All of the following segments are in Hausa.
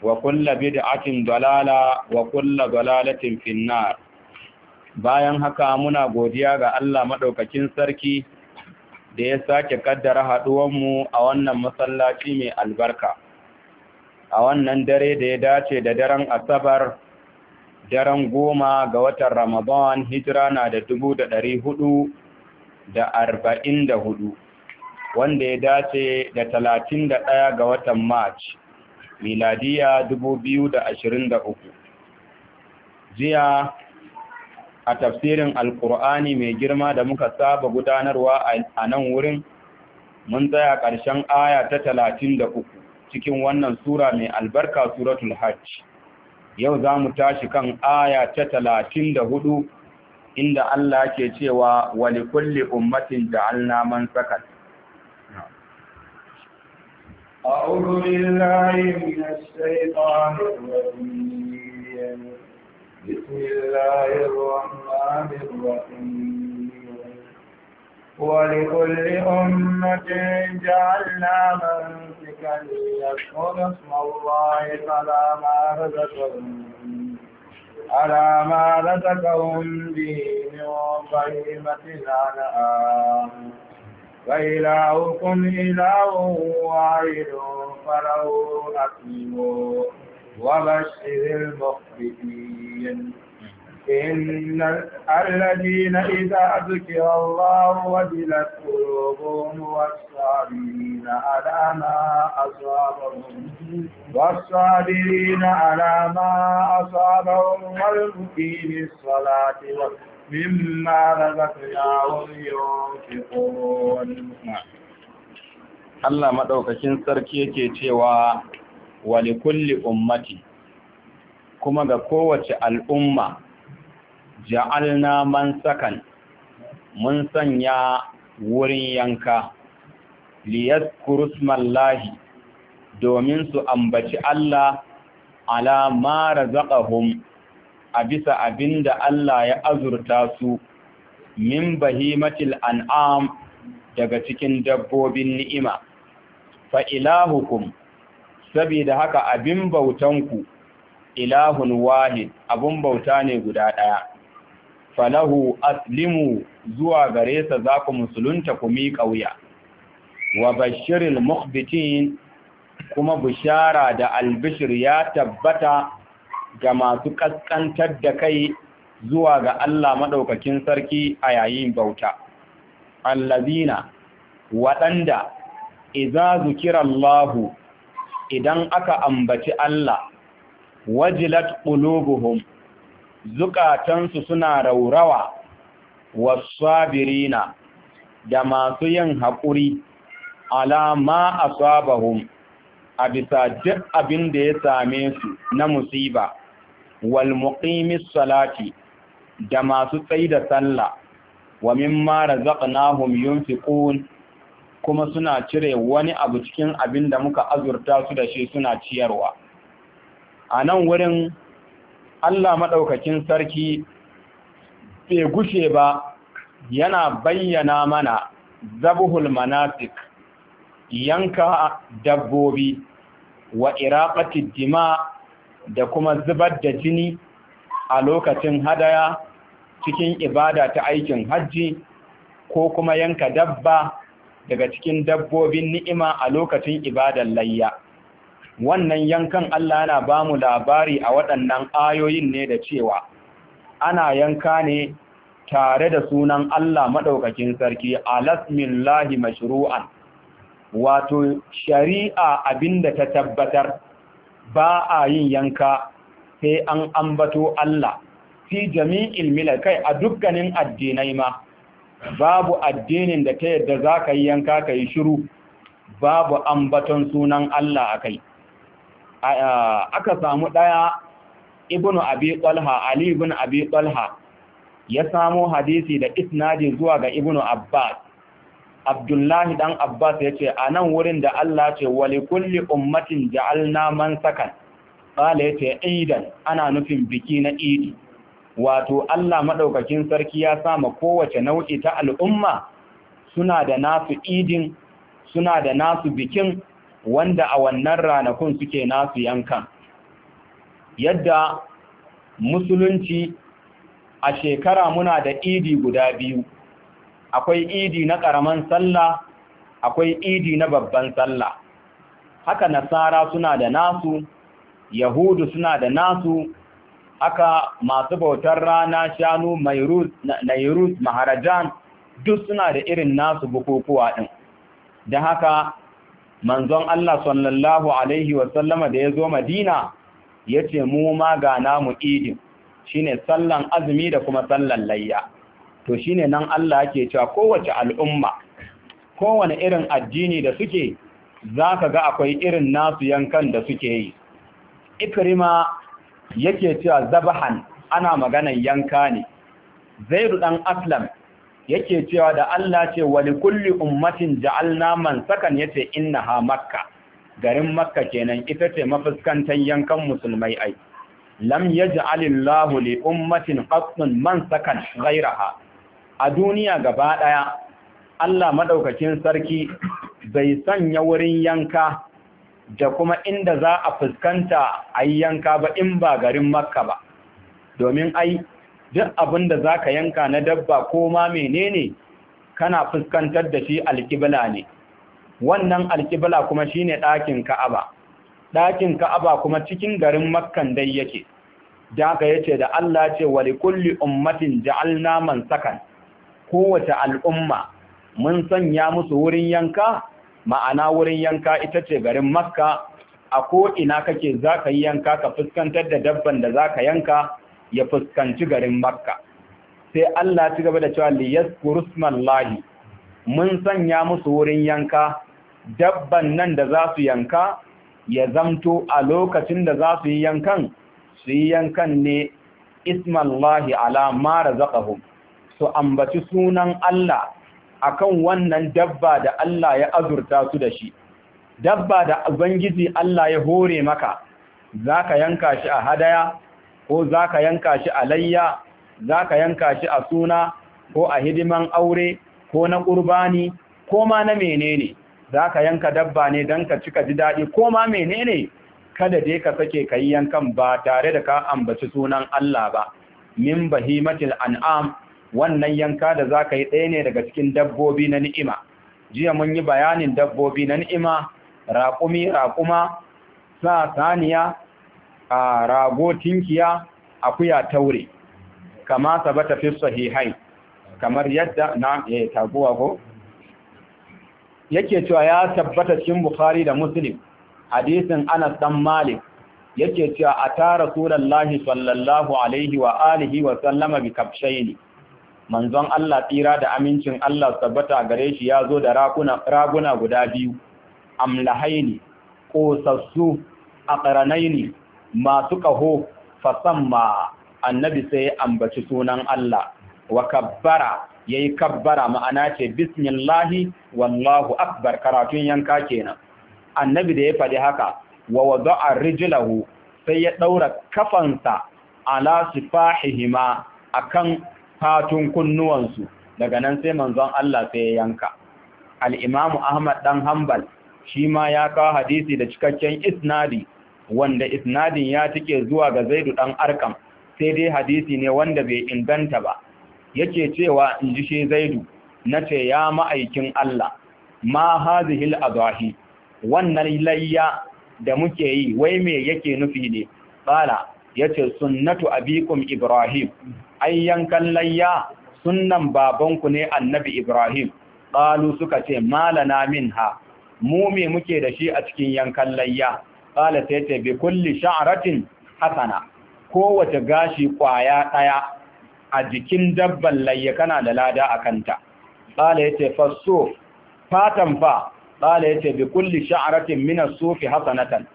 kulla bid'atin dalala wa kulla dalalatin finnar bayan haka muna godiya ga Allah madaukakin sarki da ya sake kaddara haɗuwanmu a wannan masallaci mai albarka a wannan dare da ya dace da daren asabar daren goma ga watan ramadan hijira na da dubu da ɗari hudu da arba'in da hudu wanda ya dace da talatin da ɗaya ga watan march miladiya dubu biyu 2023 jiya a tafsirin alkur'ani mai girma da muka saba gudanarwa a nan wurin mun tsaya ƙarshen aya ta talatin da uku, cikin wannan sura mai albarka suratul hajj yau za mu tashi kan aya ta talatin da hudu, inda Allah ke cewa wali kulli ummatin da man sakat أعوذ بالله من الشيطان الرجيم بسم الله الرحمن الرحيم ولكل أمة جعلنا منسكا ليذكروا اسم الله فلا ما رزقهم على ما رزقهم به من بهيمة الأنعام وإلهكم إله واحد فله أكيم وبشر المخبتين إن الذين إذا ذكر الله وجلت قلوبهم والصابرين على ما أصابهم والصابرين على ما أصابهم والمقيم الصلاة والصلاة Allah maɗaukakin sarki yake cewa wali kulli ummati kuma ga kowace al'umma ja'alna man sakan mun sanya wurin yanka liyas lahi, domin su ambaci Allah ala mara zaƙahun a bisa abin da Allah ya azurta su min bahimatil an'am daga cikin dabbobin ni'ima fa ilahukum saboda haka abin bautan ku, ilahun wahid abun bauta ne guda ɗaya falahu aslimu zuwa gare sa za musulunta ku mi kauya wa bashiril mukhbitin kuma bishara da albishir ya tabbata ga masu kaskantar da kai zuwa ga Allah maɗaukakin sarki a yayin bauta. Allazina waɗanda iza zukirallahu idan aka ambaci Allah wajilat qulubuhum zukatansu suna raurawa wasabirina da masu yin haƙuri alama asabahum a bisa duk abin da ya same su na musiba wal salati da masu tsaida sallah wa mimma razaqnahum yunfiqun kuma suna cire wani abu cikin abin da muka azurta su da shi suna ciyarwa a nan wurin Allah maɗaukakin sarki bai gushe ba yana bayyana mana zabuhul manasik yanka dabbobi wa iraqati dima da kuma zubar da jini a lokacin hadaya cikin ibada ta aikin hajji ko kuma yanka dabba daga cikin dabbobin ni'ima a lokacin ibadar layya wannan yankan Allah yana ba mu labari a waɗannan ayoyin ne da cewa ana yanka ne tare da sunan Allah maɗaukakin sarki alasmillahi mashru'an wato shari'a abinda ta tabbatar ba a yin yanka sai an ambato Allah fi jami'il milal kai a dukkanin addinai ma babu addinin da ta yadda za ka yi yanka ka yi shiru babu ambaton sunan Allah a kai aka samu ɗaya ibnu abi talha ali ibn abi talha ya samo hadisi da isnadi zuwa ga ibnu abbas Abdullahi dan Abbas ya ce a nan wurin da Allah ce wali kulli ummatin ja'alna man sakan ƙala ya ce idan ana nufin biki na idi wato Allah maɗaukakin sarki ya sama kowace nau'i ta al'umma suna da nasu idin suna da nasu bikin wanda a wannan ranakun suke nasu yankan yadda musulunci a shekara muna da idi guda biyu akwai idi na ƙaraman sallah akwai idi na babban sallah haka nasara suna da nasu yahudu suna da nasu haka masu bautar rana shanu nairus maharajan duk suna da irin nasu bukukuwa ɗin da haka manzon Allah sallallahu alaihi wasallama da ya zo madina ya ce mu ma ga namu idin shine sallan azumi da kuma sallan layya to shine nan Allah yake cewa kowace al'umma kowane irin addini da suke zaka ga akwai irin nasu yankan da suke yi ikrima yake cewa zabahan ana maganan yanka ne zairu dan aslam yake cewa da Allah ce wali kulli ummatin ja'alna man sakan yace ha makka garin makka kenan ita ce mafuskantan yankan musulmai ai lam yaj'alillahu li ummatin qatn man sakan ghayraha a duniya gaba ɗaya Allah maɗaukacin sarki bai sanya wurin yanka da kuma inda za a fuskanta a yanka ba in ba garin makka ba domin ai duk abin da za ka yanka na dabba ko ma menene kana fuskantar da shi alƙibla ne wannan alƙibla kuma shi ne ɗakin ka'aba ɗakin ka'aba kuma cikin garin makkan dai yake da aka yace da Allah ce wa kulli ummatin ja'alna man sakan kowace al'umma mun sanya musu wurin yanka ma'ana wurin yanka ita ce garin makka a ko'ina kake za ka yi yanka ka fuskantar da dabban da za ka yanka ya fuskanci garin makka sai Allah ci gaba da cewa liyas kurusman lahi mun sanya musu wurin yanka dabban nan da za su yanka ya zamto a lokacin da za su yi yankan su yi yankan ne ismallahi ala mara razaqahum su ambaci sunan Allah akan wannan dabba da Allah ya azurta su da shi dabba da ubangiji Allah ya hore maka zaka yanka shi a hadaya ko zaka yanka shi a layya zaka yanka shi a suna ko a hidiman aure ko na qurbani ko ma na menene zaka yanka dabba ne dan ka cika ji dadi ko ma menene kada dai ka sake kai yankan ba tare da ka ambaci sunan Allah ba min bahimatil an'am wannan yanka da za ka yi ɗaya ne daga cikin dabbobi na ni'ima jiya mun yi bayanin dabbobi na ni'ima raƙumi raƙuma sa saniya a rago tinkiya akuya taure kama sabata fi sahihai kamar yadda na eh taguwa go yake cewa ya tabbata cikin bukhari da muslim hadisin anas dan malik yake cewa ata rasulullahi sallallahu alaihi wa alihi wa sallama bi kafshaini manzon Allah tsira da amincin Allah tabbata gare shi ya zo da raguna guda biyu amlahaini ƙosassu aqranaini masu ƙaho fasamma annabi sai ambaci sunan Allah wa kabbara yayi kabbara ma'ana ce bismillahi wallahu akbar karatun yanka kenan annabi da ya faɗi haka wa wada'a rijlahu sai ya ɗaura kafansa ala sifahihima akan fatun kunnuwansu daga nan sai manzon Allah sai ya yanka al-imamu Ahmad dan Hanbal shi ma ya kawo hadisi da cikakken isnadi wanda isnadin ya tike zuwa ga Zaidu dan Arkam sai dai hadisi ne wanda bai inganta ba yake cewa in ji shi Zaidu nace ya ma'aikin Allah ma al adahi wannan layya da muke yi wai me yake nufi ne bala yace sunnatu abikum ibrahim ai yankan layya sunnan babanku ne annabi ibrahim qalu suka ce malana ha. mu me muke da shi a cikin yankan layya qala sai ce bi kulli sha'ratin hasana kowace gashi kwaya daya a jikin dabban layya kana da lada a kanta qala yace fasso fatan fa qala yace bi kulli sha'ratin min as-sufi hasanatan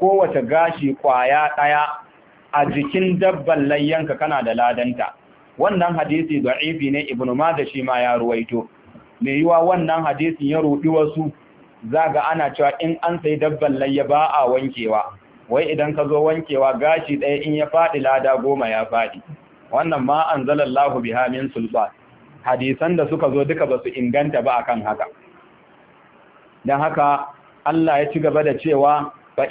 kowace gashi kwaya ɗaya. a jikin dabban layyanka kana da ladanta wannan hadisi da'ifi ne ibnu da shi ma ya ruwaito me yiwa wannan hadisin ya rudi wasu zaga ana cewa in an sai dabban layya ba a wankewa wai idan ka zo wankewa gashi ɗaya in ya faɗi lada goma ya faɗi wannan ma anzalallahu biha min sulfat hadisan da suka zo duka basu inganta ba akan haka dan haka Allah ya ci gaba da cewa fa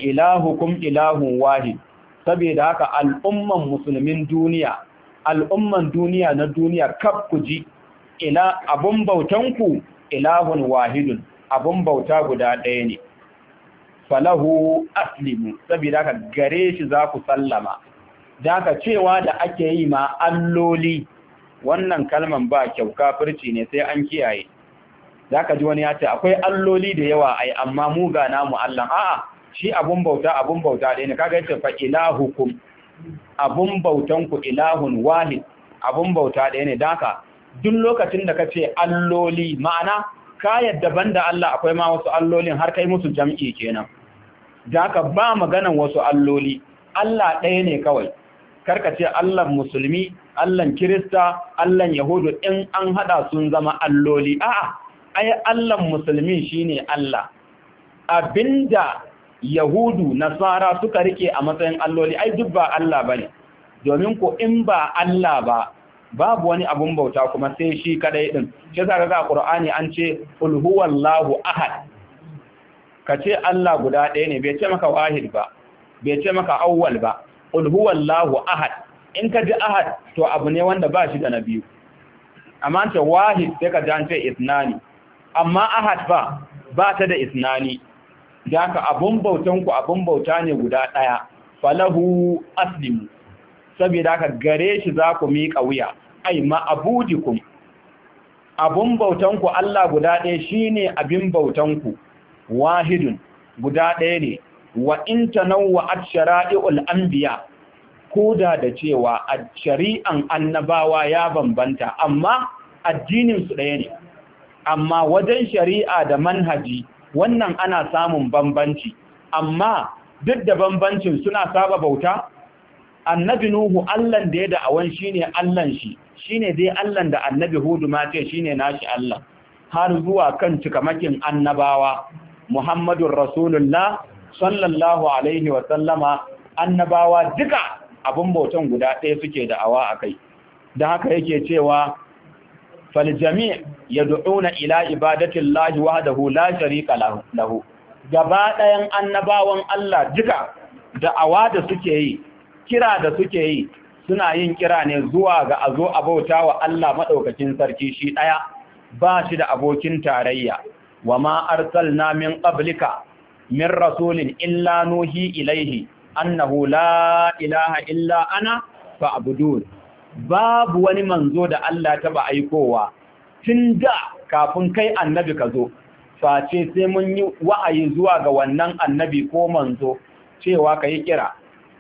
kum ilahun wahid saboda haka al'umman musulmin duniya al'umman duniya na duniya kaf ku ji ila abun bautanku ilahun wahidun abun bauta guda ɗaya ne falahu aslimu saboda haka gare shi za ku sallama da haka cewa da ake yi ma alloli wannan kalman ba kyau kafirci ne sai an kiyaye za ka ji wani ya ce akwai alloli da yawa ai amma muga namu Allah a'a shi abun bauta abun bauta ɗaya ne kaga yace fa ilahukum abun bautan ku ilahun wahid abun bauta ɗaya ne daka duk lokacin da kace alloli ma'ana ka yadda banda Allah akwai ma wasu allolin har kai musu jam'i kenan daka ba maganan wasu alloli Allah ɗaya ne kawai Kar ka ce allah musulmi, allah kirista, Allahn yahudu in an hada sun zama alloli. A'a, ai Allahn musulmi shine Allah. Abinda yahudu nasara suka rike a matsayin alloli ai duk ba Allah ba ne. domin ko in ba Allah ba babu wani abun bauta kuma sai shi kadai din shi za kaga ƙura'ani an ce qul Lahu ahad Ka ce Allah guda ɗaya ne bai ce maka wahid ba bai ce maka awwal ba qul Lahu ahad in ka ji ahad to abu ne wanda ba shi da na biyu amma ce wahid sai ka ji an ce isnani amma ahad ba ba ta da isnani da ka abun bautan ku abun bauta ne guda ɗaya falahu aslimu saboda ka gare shi za ku miƙa wuya ai ma'abudikum abun bautan ku Allah guda ɗaya shine abin bautan ku wahidun guda ɗaya ne wa in tanawwa'at shara'i'ul anbiya da da cewa a shari'an annabawa ya bambanta amma addinin su ɗaya ne amma wajen shari'a da manhaji wannan ana samun bambanci amma duk da bambancin suna saba bauta annabi nuhu allan da ya da'awan shine allan shi shine dai allan da annabi hudu ma ce shine nashi allan. har zuwa kan cikamakin annabawa muhammadun rasulullah sallallahu alaihi wa sallama annabawa duka abin bautan guda ɗaya suke da'awa kai, da haka yake cewa faljami yad'una ila ibadati llahi wahdahu la lahu gaba ɗayan annabawan Allah duka awa da suke yi kira da suke yi suna yin kira ne zuwa ga azo abauta wa Allah madaukakin sarki shi ɗaya, ba shi da abokin tarayya Wa arsalna min qablika min rasulin illa nuhi ilaihi annahu la ilaha illa ana fa'budun babu wani manzo da Allah ta ba aikowa tun da kafin kai annabi ka zo face sai mun yi wa'ayi zuwa ga wannan annabi ko manzo cewa ka yi kira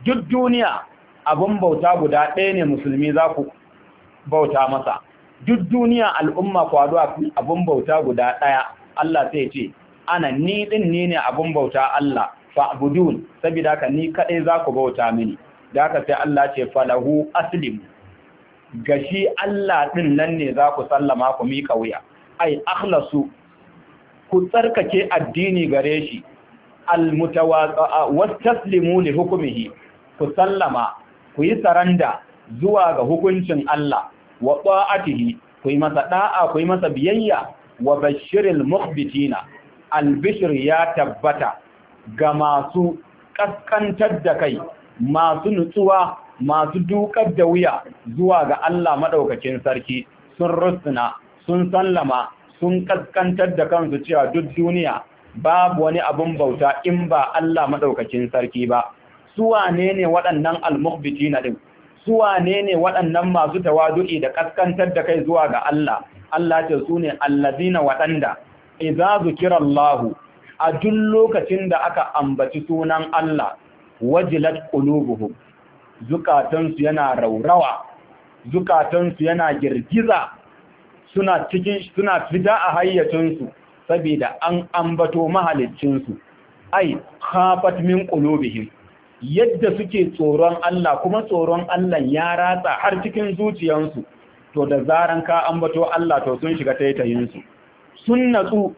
duk duniya abin bauta guda ɗaya ne musulmi za ku bauta masa duk duniya al'umma kwado abin bauta guda ɗaya Allah sai ce ana ni din ni ne abin bauta Allah fa'budun saboda ka ni kaɗai za ku bauta mini da aka sai Allah ce falahu aslimu Gashi Allah ɗin nan ne za ku sallama ku miƙa wuya ai akhlasu ku tsarkake addini gare shi almutawastaslimu li hukumihi ku sallama ku yi saranda zuwa ga hukuncin Allah wa ɓa'atihi ku yi masa ɗa'a ku yi masa biyayya wa bashiril mukhbitina albishir ya tabbata ga masu kaskantar da kai masu nutsuwa masu dukar da wuya zuwa ga Allah maɗaukacin sarki sun rusuna sun sallama sun kaskantar da kansu cewa duk duniya babu wani abin bauta in ba Allah maɗaukacin sarki ba su wane ne waɗannan almuhbiti na ɗin su wane ne waɗannan masu tawadu'i da kaskantar da kai zuwa ga Allah Allah ce su ne allazina waɗanda idza zukirallahu a duk lokacin da aka ambaci sunan Allah wajilat qulubuhum zukatansu yana raurawa zukatansu yana girgiza suna cikin suna fita a hayyacinsu saboda an ambato mahaliccinsu ai khafat min qulubihim yadda suke tsoron Allah kuma tsoron Allah ya ratsa har cikin zuciyansu to da zaran ka ambato Allah to sun shiga taitayinsu sun natsu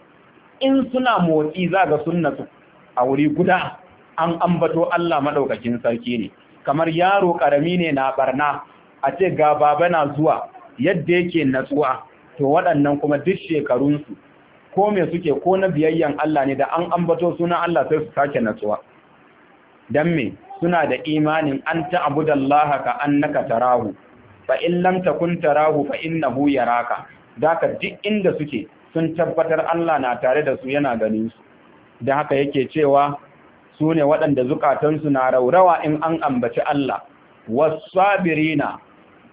in suna motsi za ga sun natsu a wuri guda an ambato Allah madaukakin sarki ne kamar yaro karami ne na barna a ce ga baba na zuwa yadda yake natsuwa to waɗannan kuma duk shekarunsu ko me suke ko na biyayyan Allah ne da an ambato sunan Allah sai su sake natsuwa dan me suna da imanin an abudallaha ka annaka tarahu fa in lam takun tarahu fa innahu yaraka daka duk inda suke sun tabbatar Allah na tare da su yana ganin su da haka yake cewa su ne waɗanda zukatansu na raurawa in an ambaci Allah wasabirina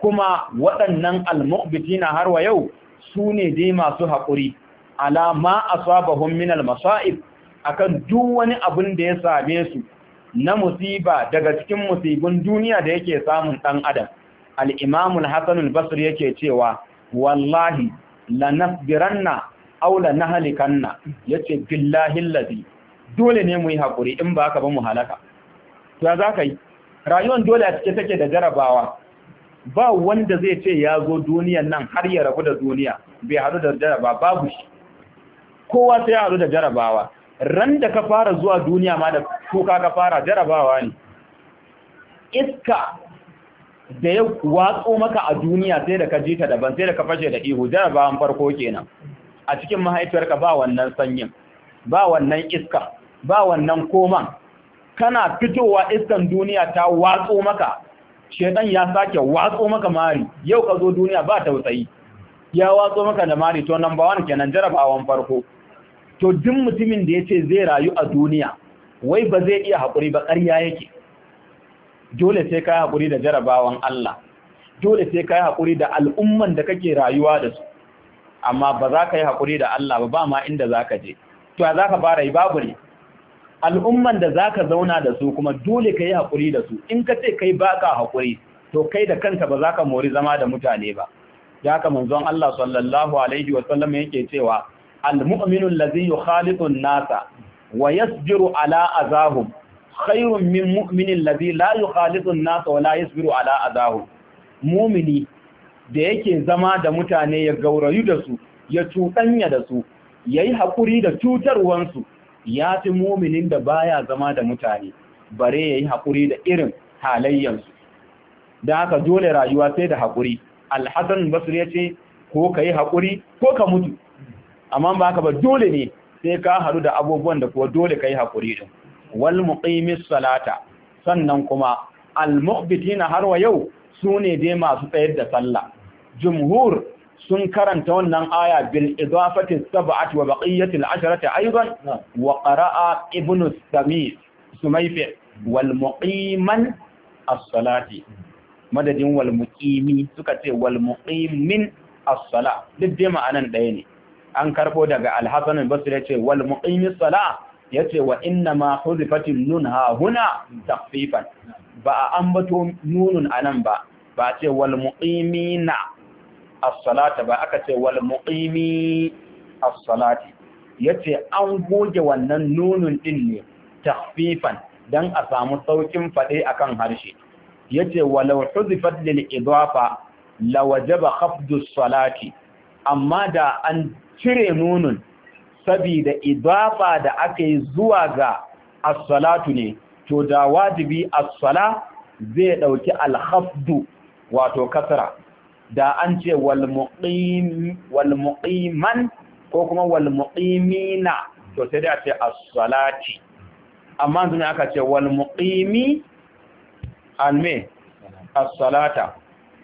kuma waɗannan almubitina har wa yau su ne dai masu haƙuri alama a asabahum min almasa'ib akan duk wani abin da ya same su na musiba daga cikin musibin duniya da yake samun ɗan adam al-imam al-hasan al-basri yake cewa wallahi lanasbiranna aw lanahlikanna yace billahi lazi dole ne mu yi haƙuri in ba ka ba mu halaka ya za ka yi rayuwar dole a cike take da jarabawa ba wanda zai ce ya zo duniyan nan har ya rabu da duniya bai haɗu da jaraba babu shi kowa sai ya haɗu da jarabawa ran da ka fara zuwa duniya ma da kuka ka fara jarabawa ne iska da ya watso maka a duniya sai da ka ji ta daban sai da ka fashe da ihu jarabawan farko kenan a cikin mahaifiyarka ba wannan sanyin ba wannan iska ba wannan koman kana fitowa iskan duniya ta watso maka shedan ya sake watso maka mari yau ka zo duniya ba tausayi ya watso maka da mari to number wani kenan jarabawan farko to duk mutumin da yace zai rayu a duniya wai ba zai iya hakuri ba ƙarya yake dole sai kai hakuri da jarabawan Allah dole sai kai hakuri da al'umman da kake rayuwa da su amma ba za ka yi hakuri da Allah ba ba ma inda za ka je to za ka fara yi babu ne al'umman da za ka zauna da su kuma dole ka yi haƙuri da su in ka ce kai ba ka haƙuri to kai da kanka ba za ka mori zama da mutane ba ya haka manzon Allah sallallahu alaihi wa sallam yake cewa al-mu'minu allazi nasa wa yasbiru ala Azahu, khairun min mu'minin allazi la yukhaliqu an-nasa wa la yasbiru ala azahum mu'mini da yake zama da mutane ya gaurayu da su ya cuɗanya da su yayi haƙuri da cutarwansu ya fi muminin da baya zama da mutane bare ya yi haƙuri da irin halayyarsu da haka dole rayuwa sai da haƙuri alhassan basir ya ce ko ka yi haƙuri ko ka mutu amma ba ka ba dole ne sai ka haɗu da abubuwan da kuwa dole ka yi haƙuri ɗin wal salata sannan kuma al muqbitina har wa yau su ne dai masu tsayar da sallah jumhur sun karanta wannan aya bil idafati sab'ati wa baqiyati al-asharati aidan wa qara'a ibnu sami sumayfi wal muqiman as-salati madadin wal muqimi suka ce wal muqimin as-sala duk dai ma'anan ɗaya ne an karbo daga al-hasan al-basri yace wal muqimi as-sala yace wa inna ma hudifati nun ha huna takhfifan ba ambato nunun anan ba ba ce wal muqimina as-salata ba aka ce wal muqimi as-salati yace an goge wannan nunun din ne takfifan, dan a samu saukin fade akan harshe yace walau huzifat lil idafa lawajaba khafdu as-salati amma da an cire nunun sabida idafa da aka yi zuwa ga as-salatu ne to da wajibi as-sala zai dauki al-khafdu wato kasra da an ce walmuqiman ko kuma walmuqimina to sai dai a ce as-salati amma zuma aka ce walmuqimi alme as-salata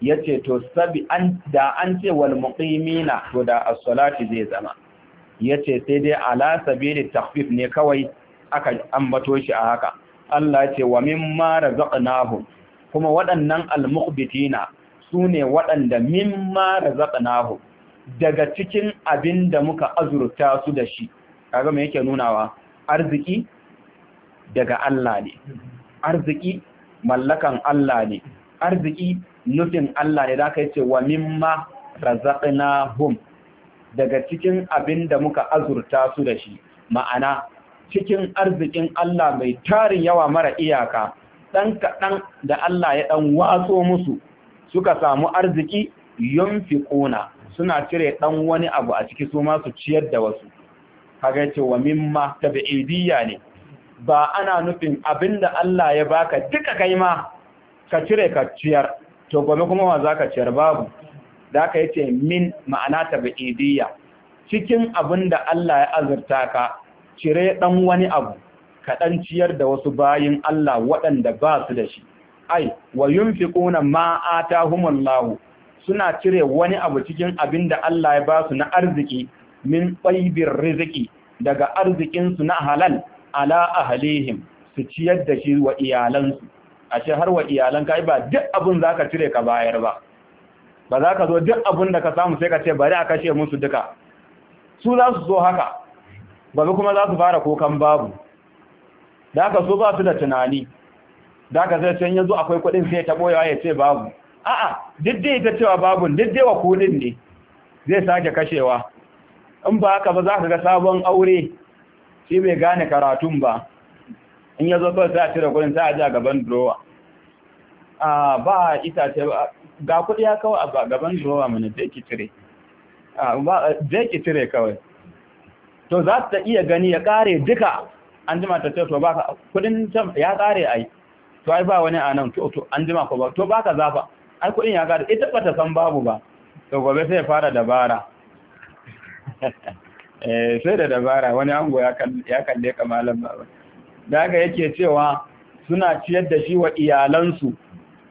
yace to sabi an da an ce walmuqimina to da as-salati zai zama yace sai dai ala sabili takhfif ne kawai aka ambato shi a haka Allah ya ce wa mimma razaqnahum kuma waɗannan almuqbitina su ne waɗanda mimma razaqnahu daga cikin abin da muka azurta su da shi kaga mai yake nunawa arziki daga Allah ne arziki mallakan Allah ne arziki nufin Allah ne zaka yace wa mimma razaqnahum daga cikin abin da muka azurta su da shi ma'ana cikin arzikin Allah mai tarin yawa mara iyaka Ɗan kaɗan da Allah ya ɗan watso musu suka samu arziki yunfiquna suna cire ɗan wani abu a ciki su ma su ciyar da wasu kaga ce wa mimma tabi'idiyya ne ba ana nufin abinda Allah ya baka duka kai ma ka cire ka ciyar to gobe kuma wa zaka ciyar babu da aka yace min ma'ana tabi'idiyya cikin abinda Allah ya azurta ka cire ɗan wani abu ka dan ciyar da wasu bayin Allah waɗanda ba su da shi ai wa yunfiquna ma atahumullahu suna cire wani abu cikin abin da Allah ya ba su na arziki min tsayibin riziki daga arzikinsu na halal ala ahlihim su ciyar da shi wa iyalansu a har wa iyalan ka ba duk abin za cire ka bayar ba ba za ka zo duk abin da ka samu sai ka ce bari a kashe musu duka su za su zo haka ba kuma za su fara kokan babu da haka so ba su da tunani da aka zai can yanzu akwai kuɗin sai ta boyawa ya ce babu a'a duk ta cewa babu duk wa kudin ne zai sake kashewa in ba haka ba za ka ga sabon aure shi bai gane karatun ba in ya kawai sai a cire kudin sai a ji a gaban durowa a ba itace ba ga kuɗi ya kawai a gaban durowa mana zai ki cire zai ki cire kawai to za ta iya gani ya ƙare duka an jima ta ce to ba kuɗin ya ƙare ai to ai ba wani anan to to an jima ko ba to baka zafa ai kudin ya gada ita bata san babu ba to gobe sai fara dabara eh sai da dabara wani ango ya kalle ya kalle ka malam baba daga yake cewa suna ciyar da shi wa iyalansu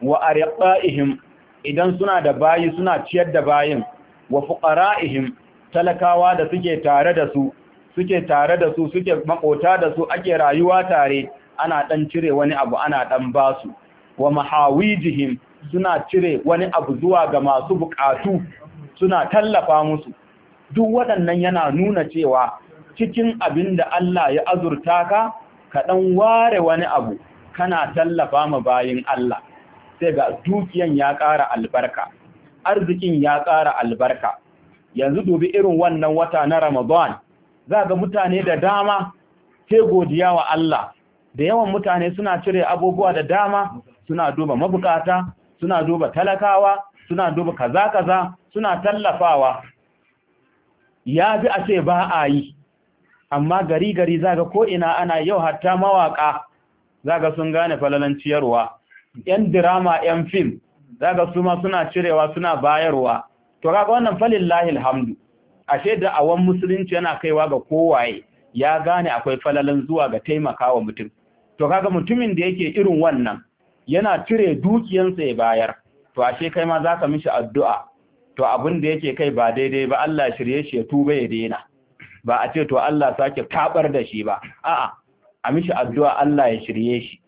wa ariqaihim idan suna da bayi suna ciyar da bayin wa fuqara'ihim talakawa da suke tare da su suke tare da su suke makota da su ake rayuwa tare ana dan cire wani abu ana dan basu wa mahawijihim suna cire wani abu zuwa ga masu bukatu suna tallafa musu duk waɗannan yana nuna cewa cikin abin da Allah ya azurta ka ka dan ware wani abu kana tallafa ma bayin Allah sai ga dukiyan ya ƙara albarka arzikin ya ƙara albarka yanzu dubi irin wannan wata na Ramadan za ga mutane da dama sai godiya wa Allah da yawan mutane suna cire abubuwa da dama suna duba mabukata suna duba talakawa suna duba kaza kaza suna tallafawa ya bi a ce ba a yi amma gari gari zaga ko ina ana yau hatta mawaka zaga sun gane falalan ciyarwa yan drama yan fim zaga su ma suna cirewa suna bayarwa to kaga wannan falillahi alhamdu ashe da awan musulunci yana kaiwa ga kowaye ya gane akwai falalan zuwa ga taimakawa mutum to kaga mutumin da yake irin wannan yana cire dukiyansa ya bayar to ashe kai ma zaka mishi addu'a to abin da yake kai ba daidai ba Allah shirye shi ya tuba ya daina ba a ce to Allah sake kaɓar da shi ba a'a a mishi addu'a Allah ya shirye shi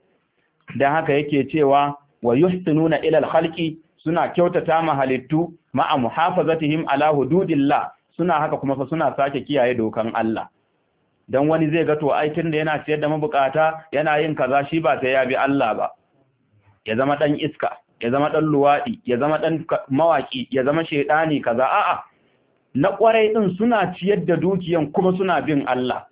dan haka yake cewa wa yuhsinuna ila al-khalqi suna kyautata ma halittu ma'a muhafazatihim ala hududillah suna haka kuma fa suna sake kiyaye dokan Allah don wani zai ga to aikin da yana siyar da mabukata yana yin kaza shi ba sai ya bi Allah ba ya zama dan iska ya zama dan luwadi ya zama dan mawaki ya zama shedani kaza a'a na kwarai din suna ciyar da dukiyan kuma suna bin Allah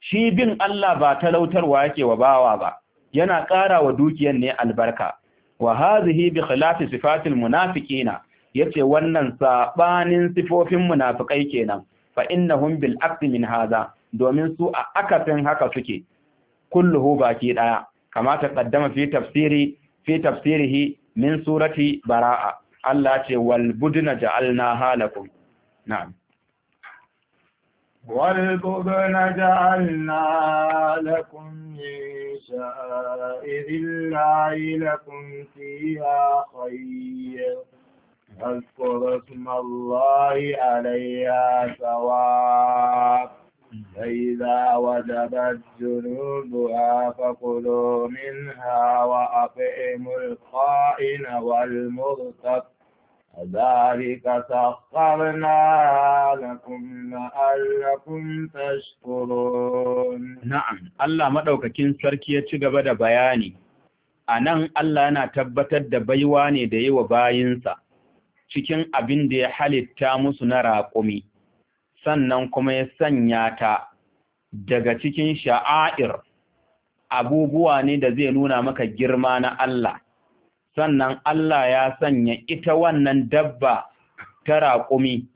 shi bin Allah ba talautarwa yake wa bawa ba yana ƙara wa dukiyan ne albarka wa hazihi bi khilafi sifatil munafiqina yace wannan sabanin sifofin munafikai kenan fa innahum bil aqd min hadha domin su a akasin haka suke kulluhu baki daya kamata kaddama fi tafsiri fi tafsirihi min surati bara'a Allah ce wal budna ja'alna halakum na'am wal budna ja'alna lakum شائر الله لكم فيها خير اذكر اسم الله عليها ثواب فَإِذَا وَجَبَتْ جُنُوبُهَا فكلوا مِنْهَا وأطعموا الْقَائِنَ والمغتر ذَلِكَ سَخَّرْنَا لَكُمْ لعلكم تَشْكُرُونَ نعم الله مدوكاكين سركي يتشغب da bayani a nan Allah yana tabbatar da baiwa ne da yi wa bayinsa cikin abin da ya halitta musu na raƙumi. sannan kuma ya sanya ta daga cikin sha'air abubuwa ne da zai nuna maka girma na Allah sannan Allah ya sanya ita wannan dabba ta raƙumi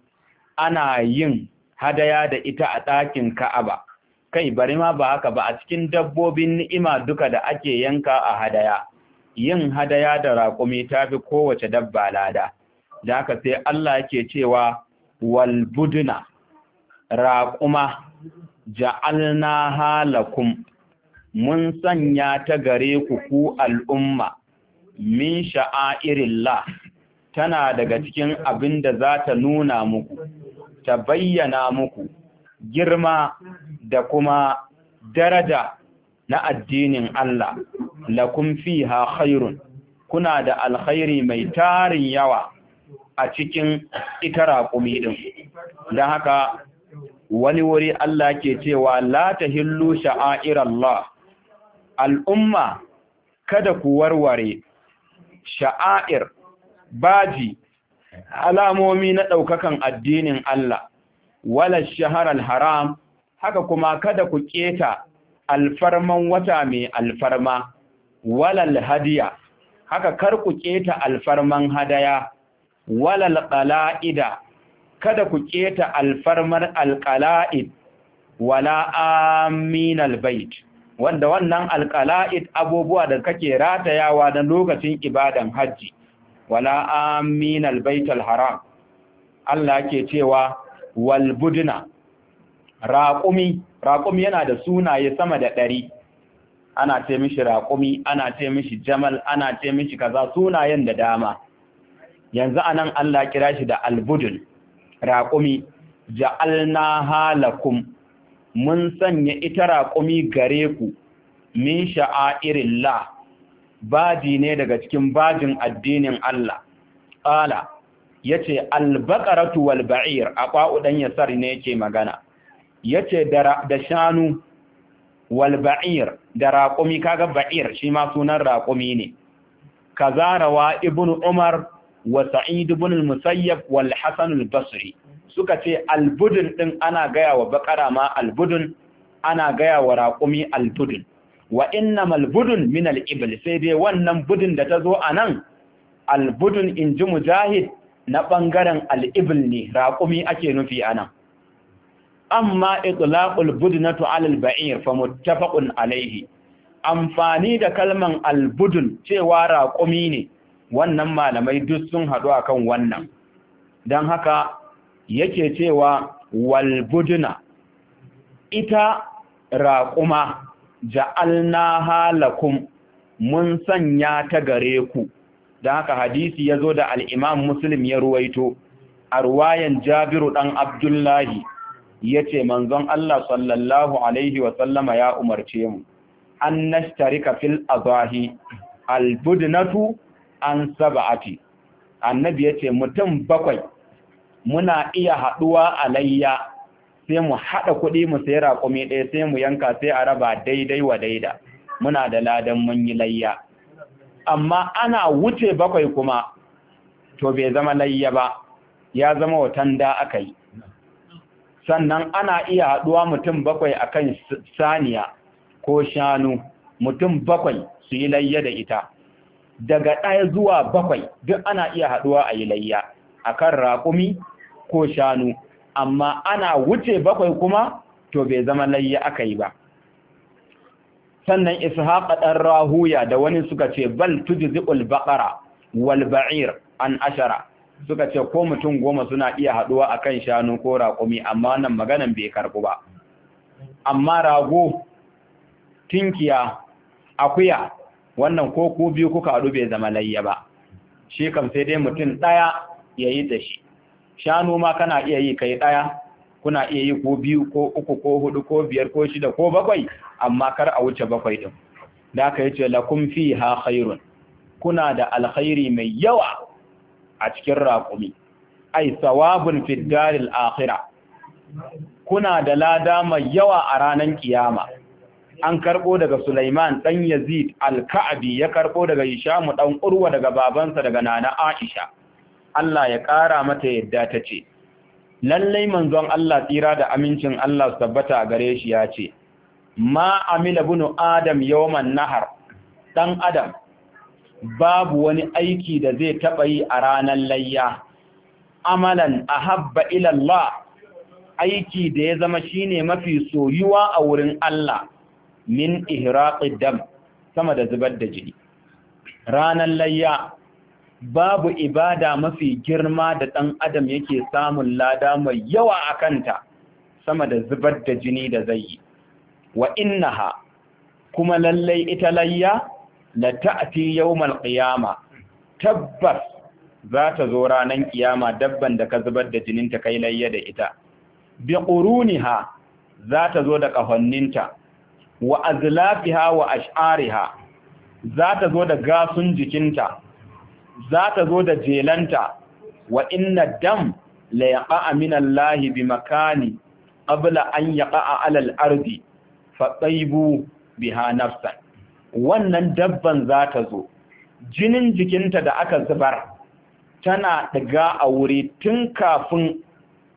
ana yin hadaya da ita a ɗakin Ka'aba kai bari ma ba haka ba a cikin dabbobin ni'ima duka da ake yanka a hadaya yin hadaya da raƙumi ta fi kowace dabba lada da haka sai Allah yake cewa wal raƙuma ja'alna halakum mun sanya ta gare ku ku al'umma min sha'airillah tana daga cikin abin da za ta nuna muku ta bayyana muku girma da kuma daraja na addinin Allah lakum fiha khairun kuna da alkhairi mai tarin yawa a cikin ita raƙumi din don haka wani wuri Allah ke cewa la ta hillu sha'airallah al'umma kada ku warware sha'air baji alamomi na ɗaukakan addinin Allah wala shaharar haram haka kuma kada ku keta alfarman wata mai alfarma walal hadiya haka kar ku keta alfarman hadaya walal ƙala'ida. kada ku keta alfarmar alqala'id wala amin albayt wanda wannan alqala'id abubuwa da kake ratayawa na lokacin ibadan hajji, wala amin albayt alharam Allah ke cewa wal budna raqumi yana da sunaye sama da ɗari. ana ce mishi raƙumi ana ce mishi jamal ana ce mishi kaza sunayen da dama yanzu anan Allah kira shi da albudul raƙumi ja'alna halakum mun sanya ita raƙumi gare ku min sha'airillah baji ne daga cikin bajin addinin Allah qala yace albaqaratu wal ba'ir dan yasar ne yake magana yace da shanu wal da raƙumi kaga ba'ir shi ma sunan raƙumi ne kazarawa ibnu umar wa sa'id ibn al-musayyab wal hasan al-basri suka ce albudun din ana gaya wa bakara ma albudun ana gaya wa raqumi albudun wa innamal budun min al-ibl sai dai wannan budun da ta zo anan albudun inji mujahid na bangaren al-ibl ne raqumi ake nufi anan amma itlaqul budnatu 'ala al-ba'ir fa muttafaqun alayhi amfani da kalman albudun cewa raqumi ne wannan malamai duk sun haɗu a kan wannan don haka yake cewa walbuduna ita raƙuma ja'alna halakum mun sanya ta gare ku don haka hadisi ya zo da al'imam muslim ya ruwaito a ruwayan jabiru ɗan abdullahi ya ce manzon Allah sallallahu Alaihi wasallama ya umarce mu an nashtarika fil azahi albudnatu an saba sab'ati annabi yace mutum bakwai muna iya haɗuwa a layya, sai mu haɗa kuɗi mu sayi raƙumi ɗaya sai mu yanka sai a raba daidai wa daida muna da ladan mun yi layya amma ana wuce bakwai kuma to bai zama layya ba ya zama watan da aka yi sannan ana iya haɗuwa mutum bakwai akan saniya ko shanu mutum bakwai su yi layya da ita daga ɗaya zuwa bakwai duk ana iya haɗuwa a yi layya a kan raƙumi ko shanu amma ana wuce bakwai kuma to bai zama layya aka yi ba sannan ishaqa ɗan rahuya da wani suka ce bal tujzi'ul baqara wal ba'ir an ashara suka ce ko mutum goma suna iya haɗuwa akan shanu ko raƙumi amma nan maganan bai karɓu ba amma rago tinkiya akuya wannan ko ku biyu kuka haɗu bai zama layya ba shi kam sai dai mutum ɗaya ya yi da shi shanu ma kana iya yi kai ɗaya kuna iya yi ko biyu ko uku ko hudu ko biyar ko shida ko bakwai amma kar a wuce bakwai din da aka yace lakum fiha khairun kuna da alkhairi mai yawa a cikin raƙumi ai sawabun fid daril kuna da lada mai yawa a ranar kiyama an karbo daga Sulaiman dan Yazid al-Ka'bi ya karbo daga Hisham dan Urwa daga babansa daga nana Aisha Allah ya ƙara mata yadda ta ce lallai manzon Allah tsira da amincin Allah tabbata gare shi ya ce ma amila bunu adam yawman nahar dan adam babu wani aiki da zai taɓa yi a ranar layya amalan ahabba ila Allah aiki da ya zama shine mafi soyuwa a wurin Allah min ihraqi dam sama da zubar da jini ranan layya babu ibada mafi girma da dan adam yake samun lada mai yawa akanta sama da zubar da jini da zai wa innaha kuma lallai ita layya la ta'ti yawmal qiyama tabbas za ta zo ranan kiyama dabban da ka zubar da jininta kai layya da ita bi quruniha za ta zo da kahonninta wa azlafiha wa ash'ariha za ta zo da gasun jikinta za ta zo da jelanta wa inna dam la yaqa'a min Allah bi makani qabla an yaqa'a 'ala al-ardi fa tayyibu biha nafsan wannan dabban za ta zo jinin jikinta da aka zubar tana daga a wuri tun kafin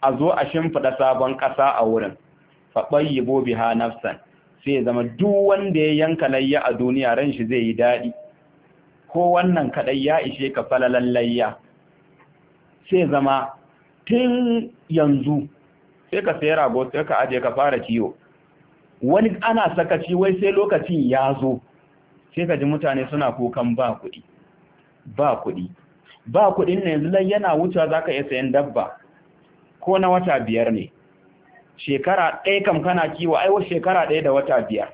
a zo a shimfida sabon ƙasa a wurin fa tayyibu biha nafsan sai zama duk wanda ya yanka layya a duniya ran shi zai yi daɗi ko wannan kaɗai ya ishe ka falalan layya sai zama tun yanzu sai ka sayar abu sai ka aje ka fara ciwo. wani ana sakaci wai sai lokacin ya zo sai ka ji mutane suna kukan ba kuɗi ba kuɗi ba kuɗin ne yanzu yana wucewa za ka iya sayan dabba ko na wata biyar ne shekara ɗaya kam kana kiwo aiwa shekara ɗaya da wata biyar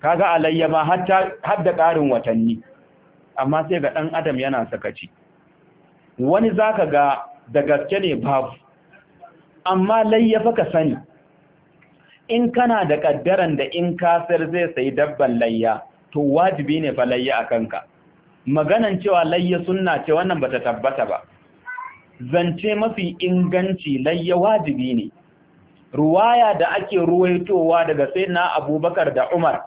kaga alayya ma har da ƙarin watanni amma sai ga ɗan adam yana sakaci wani za ka ga da gaske ne babu amma layyafa ka sani in kana da ƙaddaran da in kasar zai sayi dabban layya to wajibi ne fa layya a kanka maganan cewa layya sunna ce wannan ta tabbata ba zance mafi inganci layya wajibi ne ruwaya da ake ruwaitowa daga sai na abubakar da umar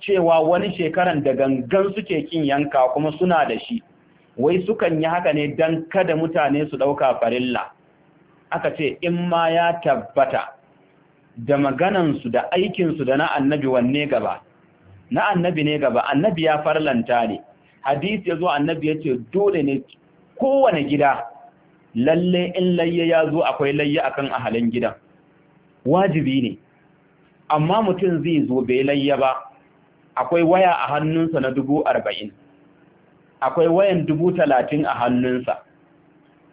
cewa wani shekaran da gangan suke kin yanka kuma suna da shi wai sukan yi haka ne don kada mutane su ɗauka farilla aka ce in ma ya tabbata da maganansu da aikinsu da na annabi wanne gaba na annabi ne gaba annabi ya farlanta ne hadisi ya zo annabi ya ce dole ne kowane gida lalle in layya ya zo akwai layya akan ahalin gidan wajibi ne amma mutum zai zo bai layya ba akwai waya a hannunsa na dubu arba'in akwai wayan dubu talatin a hannunsa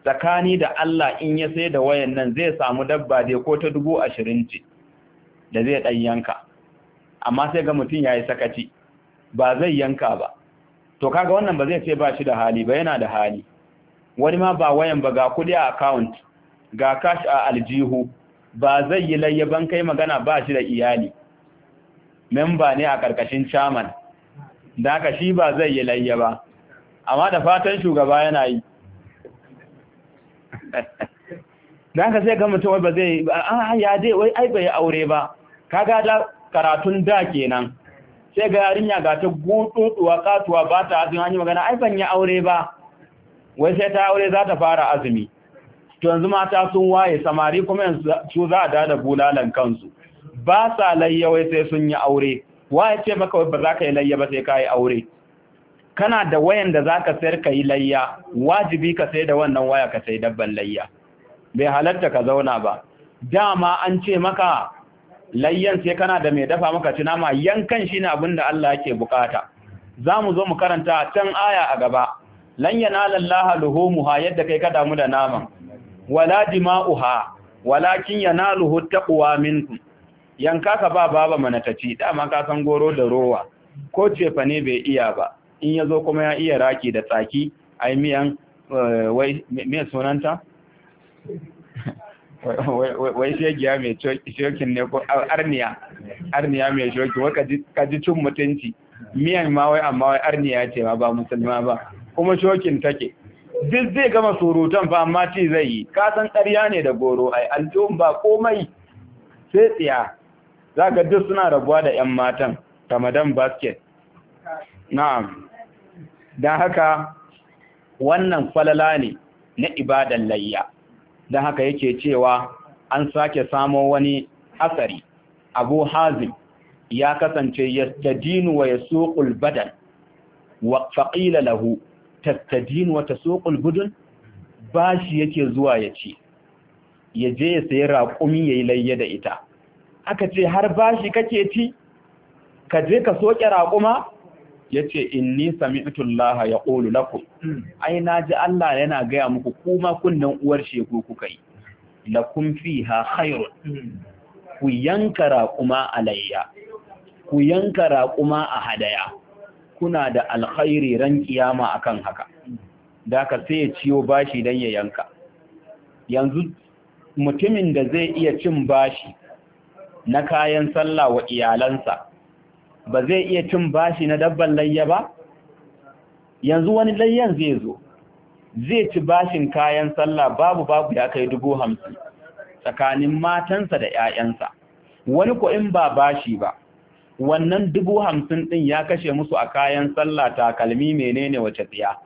tsakani da Allah in ya sai da wayan nan zai samu dabba dai ko ta dubu ashirin ce da zai ɗan yanka amma sai ga mutum ya yi sakaci ba zai yanka ba to kaga wannan ba zai ce ba shi da hali ba yana da hali wani ma ba wayan ba ga kudi a account ga cash a aljihu ba zai yi layyaban kai magana ba shi da iyali memba ne a karkashin chairman da shi ba zai yi layya ba amma da fatan shugaba yana yi da haka sai ga mutum ba zai a ah, ya dai wai ai bai aure ba kaga da karatun da kenan sai ga yarinya ga ta gutsuwa katuwa ba ta azumi an yi magana ai ban yi aure ba wai sai ta aure za ta fara azumi to yanzu mata sun waye samari kuma yanzu za a dada bulalan kansu ba sa layya wai sai sun yi aure waye ce maka ba za ka yi layya ba sai ka yi aure kana da wayan da za ka sayar ka yi layya wajibi ka sai da wannan waya ka sai dabban layya bai halatta ka zauna ba dama an ce maka layyan sai kana da mai dafa maka ci nama yankan shi ne abin da Allah yake bukata za mu zo mu karanta can aya a gaba lan yanala luhumuha yadda kai ka damu da naman wala dima'uha walakin yanaluhu taqwa minkum yanka ka ba baba mana taci dama ka san goro da rowa ko ce fa ne bai iya ba in yazo kuma ya iya raki da tsaki ai miyan eh, wai me sunanta wai sai giya mai shokin ne ko arniya arniya mai shoki wai ka ji cin mutunci miyan ma wai amma wai arniya ce ma ba musulma ba kuma shokin take duk zai gama surutan fa amma ci zai yi Ka san ƙarya ne da goro ai aljihun ba komai sai tsiya za ka duk suna rabuwa da 'yan matan ramadan basket na'am don haka wannan falala ne na ibadan layya don haka yake cewa an sake samo wani asari abu hazim ya kasance ya wa ya suƙul badan wa faƙila lahu tattadin wata soƙul gudun bashi yake zuwa ya ci ya ya sayi raƙumi ya yi layya da ita aka ce har bashi kake ci ka je ka soke raƙuma Yace, ce inni sami'tullah ya ƙolu lakum ai na ji Allah yana gaya muku kuma kunnan uwar sheku kuka yi lakum fiha khairun ku yanka raƙuma alayya ku yanka raƙuma a hadaya kuna da alkhairi ran kiyama akan haka da ka sai ya ciyo bashi don ya yanka yanzu mutumin da zai iya cin bashi na kayan sallah wa iyalansa ba zai iya cin bashi na dabban layya ba yanzu wani layyan zai zo zai ci bashin kayan sallah babu babu ya kai dubu hamsin tsakanin matansa da 'ya'yansa wani ko in ba bashi ba wannan dubu hamsin ɗin ya kashe musu a kayan sallah takalmi menene wace tsiya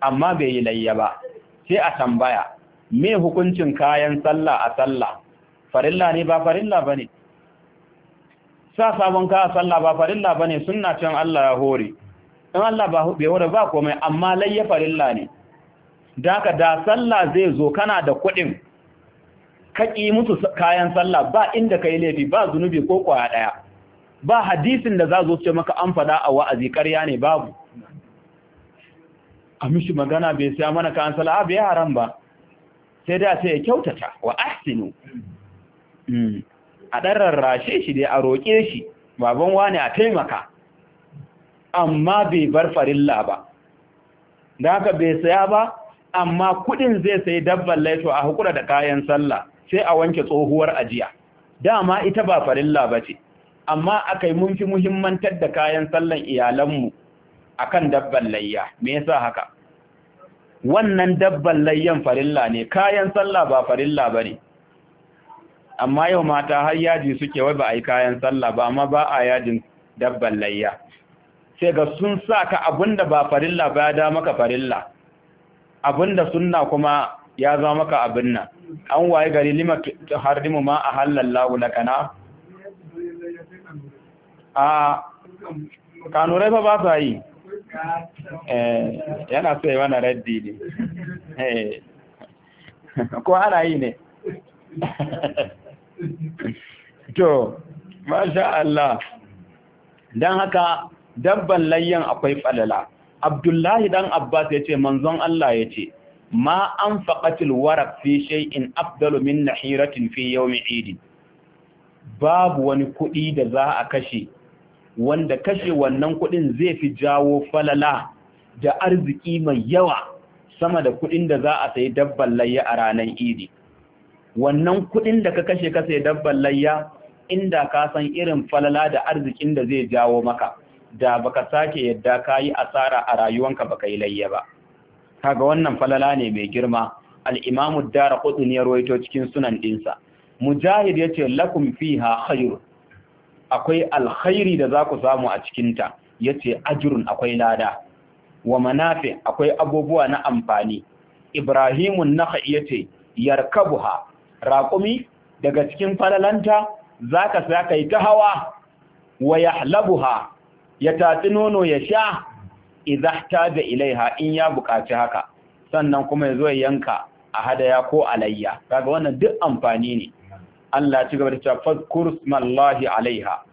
amma bai yi layya ba sai a tambaya me hukuncin kayan sallah a sallah farilla ne ba farilla ba ne sa sabon kaya sallah ba farilla ba ne suna can Allah ya hore in Allah ba bai hore ba komai amma layya farilla ne daga da sallah zai zo kana da kuɗin ka ƙi musu kayan sallah ba inda ka yi laifi ba zunubi ko ƙwaya ɗaya ba hadisin da za zo ce maka an fada a wa'azi ƙarya ne babu a mishi magana bai siya mana an sala'a bai haram ba sai da sai ya kyautata wa ahsinu mm. a ɗan rarrashe shi dai a roƙe shi baban wani a taimaka amma bai bar farilla ba da haka bai saya ba amma kudin zai sai dabban laito a hukura da kayan sallah sai a wanke tsohuwar ajiya dama ita ba farilla ba ce amma akai mun fi muhimmantar da kayan sallan iyalanmu akan dabban layya me yasa haka wannan dabban layyan farilla ne kayan salla ba farilla bane amma yau mata har yaji suke wai ba ai kayan salla ba amma ba a yajin dabban layya sai ga sun sa ka abinda ba farilla ba ya da maka farilla abinda sunna kuma ya zama maka abin an waye gari lima harimu ma a halallahu laka na a kanurai ba ba sa yi eh, yana so yi wani raddi ne eh, ko ana yi ne to masha Allah don haka dabban layyan akwai falala abdullahi dan abbas ya ce manzon Allah ya ce ma an faƙatil warak fi shay'in afdalu min nahiratin fi yawmi idin babu wani kuɗi da za a kashe wanda kashe wannan kuɗin zai fi jawo falala da arziki mai yawa sama da kuɗin da za a sayi dabban layya a ranar idi wannan kuɗin da ka kashe ka sayi dabban layya inda ka san irin falala da arzikin da zai jawo maka da baka sake yadda ka yi asara a rayuwanka baka yi layya ba kaga wannan falala ne mai girma al-imamu dara qutni ya rawaito cikin sunan dinsa mujahid yace lakum fiha khair akwai alkhairi da za ku samu a cikinta ya ce ajirun akwai lada wa manafi akwai abubuwa na amfani ibrahimun naka ya ce buha! raƙumi daga cikin falalanta za ka sa kai ta hawa wa halabuha ya tatsi nono ya sha ta da ilaiha in ya buƙaci haka sannan kuma ya zo yanka a hadaya ko alayya kaga wannan duk amfani ne Allah ci gaba da cewa fadkur smallahi alaiha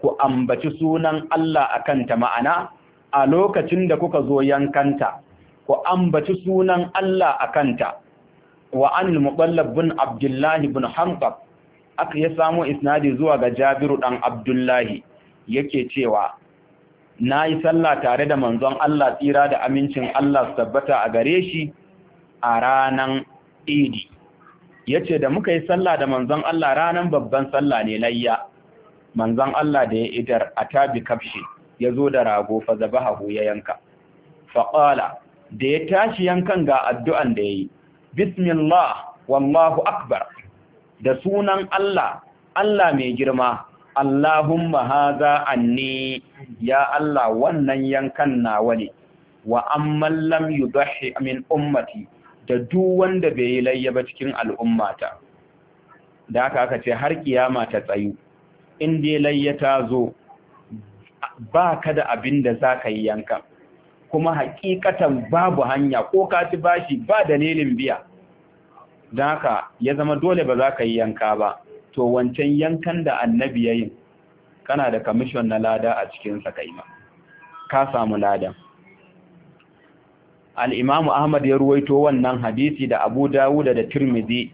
ku ambaci sunan Allah akan ta ma'ana a lokacin da kuka zo yankanta ku ambaci sunan Allah akan ta wa an muballab bin abdullahi bin hamqab aka ya samu isnadi zuwa ga Jabiru dan Abdullahi yake cewa na yi sallah tare da manzon Allah tsira da amincin Allah su tabbata a gare shi a ranan idi Ya ce da muka yi sallah da manzon Allah ranan babban sallah ne layya manzon Allah da ya idar atabi kafshi zo da rago fa zabahu ya yanka fa da ya tashi yankan ga addu'an da yayi bismillah wallahu akbar da sunan Allah Allah mai girma Allahumma haza anni ya Allah wannan yankan nawa ne wa amman lam yudhi min ummati da duk wanda bai yi layya ba cikin al'ummata da aka aka ce har kiyama ta tsayu in dai layya ta zo ba ka da abin da za yi yanka kuma hakikatan babu hanya ko ka ci bashi ba dalilin biya don haka ya zama dole ba za ka yi yanka ba to wancan yankan da annabi yayin kana da kamishon na lada a cikinsa kaima ka samu ladan al'imamu Ahmad ya ruwaito wannan hadisi da Abu Dawuda da Tirmidhi.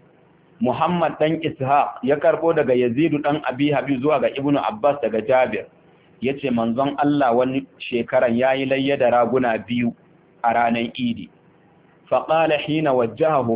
Muhammad ɗan Ishaq ya karɓo daga Yazidu ɗan Abi Habib zuwa ga Ibnu Abbas daga Jabir. Ya ce manzon Allah wani shekaran ya yi layya da raguna biyu a ranar Idi. Faƙala hina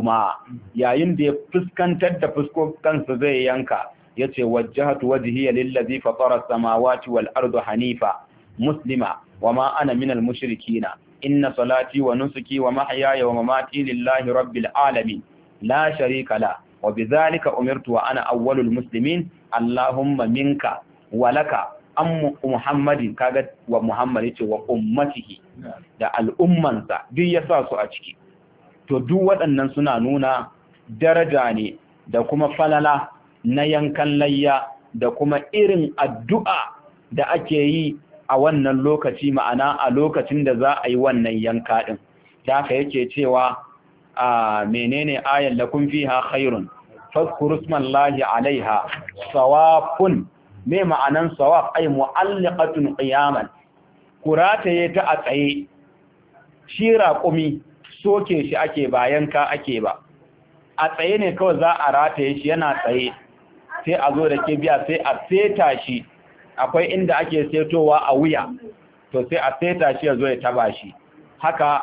ma yayin da ya fuskantar da fuskokansu zai yanka ya ce wajahatu wajihiyya lillazi fatara samawati wal ardu hanifa muslima wa ma ana minal mushrikina inna salati wa nusuki wa mahyaya wa mamati lillahi rabbil alamin la sharika la wa bidhalika umirtu wa ana awwalul muslimin allahumma minka wa laka muhammadin kaga wa muhammad yace wa ummatihi da al'ummansa duk ya sa su a ciki to duk waɗannan suna nuna daraja ne da kuma falala na yankan layya da kuma irin addu'a da ake yi a wannan lokaci ma'ana a lokacin da za a yi wannan yanka din da haka yake cewa a menene ayan lakum fiha khairun fadhkuru smallahi alaiha sawafun me ma'anan sawaf ay mu'allaqatun qiyaman rataye ta a tsaye shi raƙumi soke shi ake ba yanka ake ba a tsaye ne kawai za a rataye shi yana tsaye sai a zo da kibiya sai a seta shi akwai inda ake setowa a wuya to sai a seta shi ya zo ya taba shi haka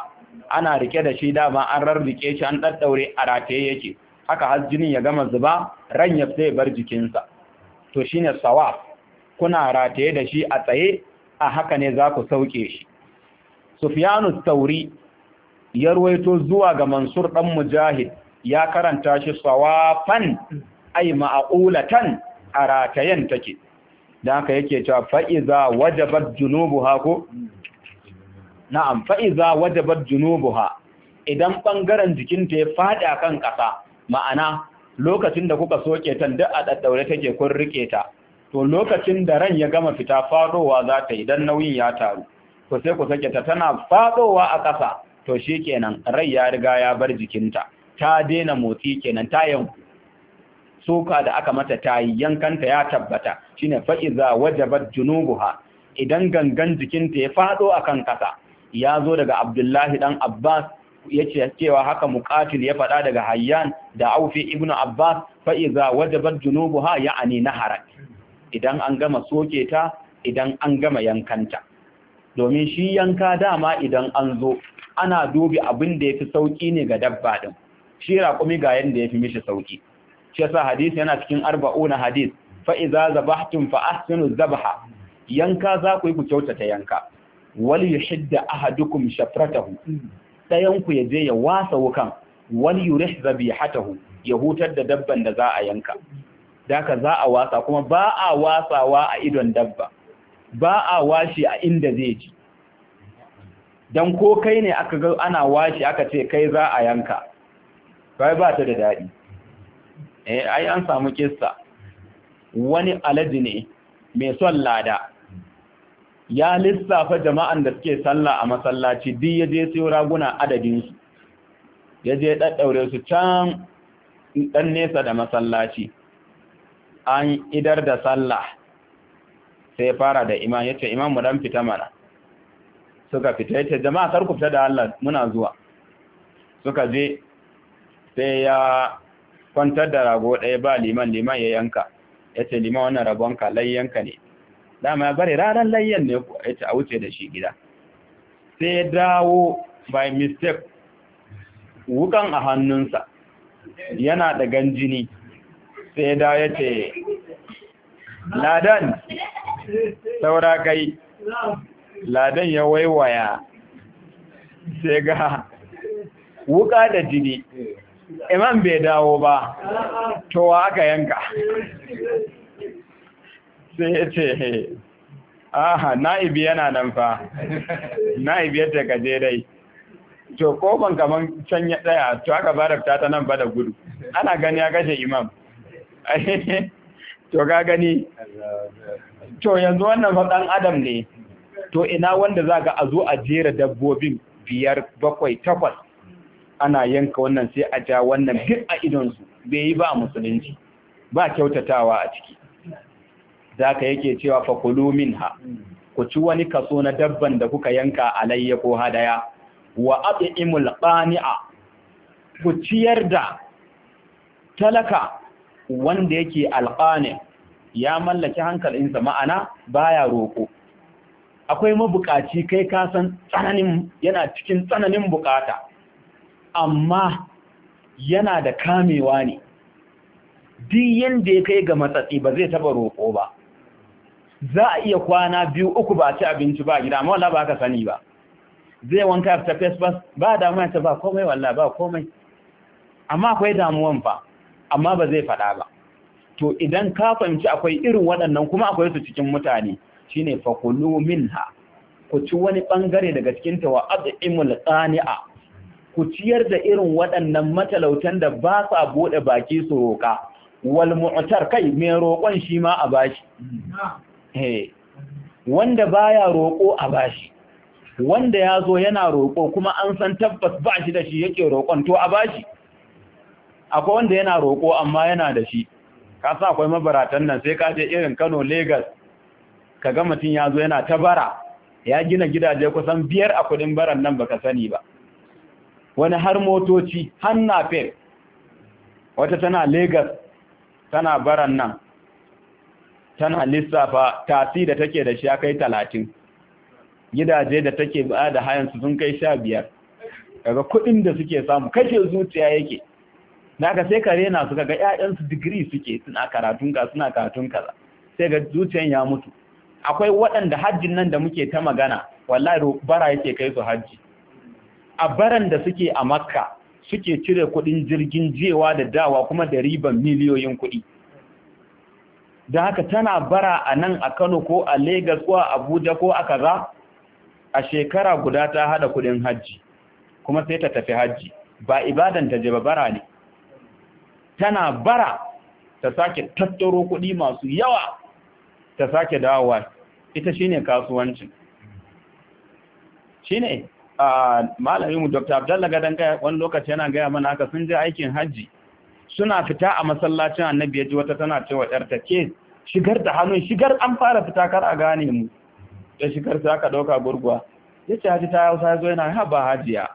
ana rike da shi dama an rarrike shi an daddaure a rataye yake haka har jinin ya gama zuba ran ya sai bar jikinsa to shi shine sawa, kuna rataye da shi a tsaye a haka ne za ku sauke shi sufyanu tsauri ya ruwaito zuwa ga mansur dan mujahid ya karanta shi sawafan ai ma'a'ulatan a ratayen take da haka yake cewa fa'iza wajabat junubuha ko na'am fa'iza wajabat junubuha idan ɓangaren jikinta ya fada kan ƙasa ma'ana lokacin da kuka soke ta duk a daddaure take kun rike ta to lokacin da ran ya gama fita fadowa za ta idan nauyin ya taru to sai ku sake ta tana fadowa a ƙasa to kenan rai ya riga ya bar jikinta ta daina motsi kenan ta yanku soka da aka mata tayi yankanta ya tabbata shine fa iza wajabat junubuha idan gangan jikinta ya fado akan kasa ya zo daga Abdullahi dan Abbas yace cewa haka muqatil ya fada daga Hayyan da Aufi ibnu Abbas fa iza wajabat junubuha ya'ani nahara idan an gama soke ta idan an gama yankanta domin shi yanka dama idan an zo ana dubi abin da yafi fi sauƙi ne ga dabba ɗin shi raƙumi ga yadda ya fi mishi sauki shi yasa hadisi yana cikin arba'una hadis fa idza zabahtum fa ahsinu zabha yanka za ku yi ku kyautata yanka wal yuhidda ahadukum shafratahu dayan ku je ya wasa wukan wal yurih zabihatahu ya hutar da dabban da za a yanka daka za a wasa kuma ba a wasawa a idon dabba ba a washi a inda zai ji dan ko kai ne aka ga ana washi aka ce kai za a yanka kai ba ta da dadi eh ai an samu kissa wani alaji ne mai son lada ya lissafa jama'an da suke sallah a masallaci duk ya je siyo raguna adadinsu ya je ɗaɗɗaure su can ɗan nesa da masallaci an idar da sallah sai fara da imam ya ce imam mu dan fita mana suka fita ya ce jama'a kar ku fita da Allah muna zuwa suka je sai ya kwantar da rago ɗaya ba liman liman ya yanka ya ce liman wannan rabonka layyanka ne dama ya bari ranar layyan ne ya ce a wuce da shi gida sai ya dawo by mistake wukan a hannunsa yana da ganjini sai ya dawo ya ce ladan saura kai ladan ya waiwaya sai ga wuka da jini imam bai dawo ba to wa aka yanka sai ya ce aha na'ibi yana nan fa na'ibi yadda ka je dai to ko ban kaman can ya tsaya to aka ba da fita ta nan ba da gudu ana gani ya kashe imam to ga gani to yanzu wannan faɗan dan adam ne to ina wanda zaka a zo a jera dabbobin biyar bakwai takwas ana yanka wannan sai a ja wannan duk a idonsu bai yi ba musulunci ba kyautatawa a ciki za ka yake cewa fakulu minha ku ci wani kaso na dabban da kuka yanka alayya ko hadaya wa at'imul qani'a ku ciyar da talaka wanda yake alqani ya mallaki hankalinsa ma'ana baya roko akwai mabukaci kai kasan san tsananin yana cikin tsananin bukata amma yana da kamewa ne duk yanda ya kai ga matsatsi ba zai taba roƙo ba za a iya kwana biyu uku ba ci abinci ba gida amma wallahi ba ka sani ba zai wanka ta fesbas, ba damuwa ta ba komai wallahi ba komai amma akwai damuwan fa amma ba zai faɗa ba to idan ka fahimci akwai irin waɗannan kuma akwai su cikin mutane shine fakulu minha ku ci wani ɓangare daga cikin tawa wa ad'imul qani'a ku ciyar da irin waɗannan matalautan da ba sa buɗe baki su roƙa wal mu'tar kai mai roƙon shi ma a bashi eh, Wanda ba ya roƙo a bashi wanda ya zo yana roƙo kuma an san tabbas ba shi da shi yake roƙon to a bashi akwai wanda yana roƙo amma yana da shi ka sa akwai mabaratan nan sai ka je irin Kano Legas? Ka ga mutum ya zo yana ta bara ya gina gidaje kusan biyar a kuɗin baran nan baka sani ba wani har motoci hanna hannafel wata tana Legas tana baran nan tana lissafa tasi da take da shi ya kai talatin gidaje da take ba da hayansu sun kai sha biyar daga kudin da suke samu kashe zuciya yake daga sai ka rena su kaga ƴaƴansu digiri suke suna karatun ka suna karatun kaza sai ga zuciyan ya mutu akwai waɗanda hajjin nan da muke ta magana wallahi bara yake kai su hajji a baran da suke a makka suke cire kudin jirgin jewa da dawa kuma da riban miliyoyin kudi da haka tana bara a nan a kano ko a Legas ko a abuja ko a kaza a shekara guda ta hada kudin hajji kuma sai ta tafi hajji ba ibadan ta je ba bara ne tana bara ta sake tattaro kudi masu yawa ta sake dawowa ita shine kasuwancin shine malaminmu dr abdalla gadan kaya wani lokaci yana gaya mana haka sun je aikin hajji suna fita a masallacin annabi yaji wata tana cewa yarta ke shigar da hannun shigar an fara fita kar a gane mu da shigar ta aka ɗauka gurguwa ya haji ta hausa zo yana haba hajiya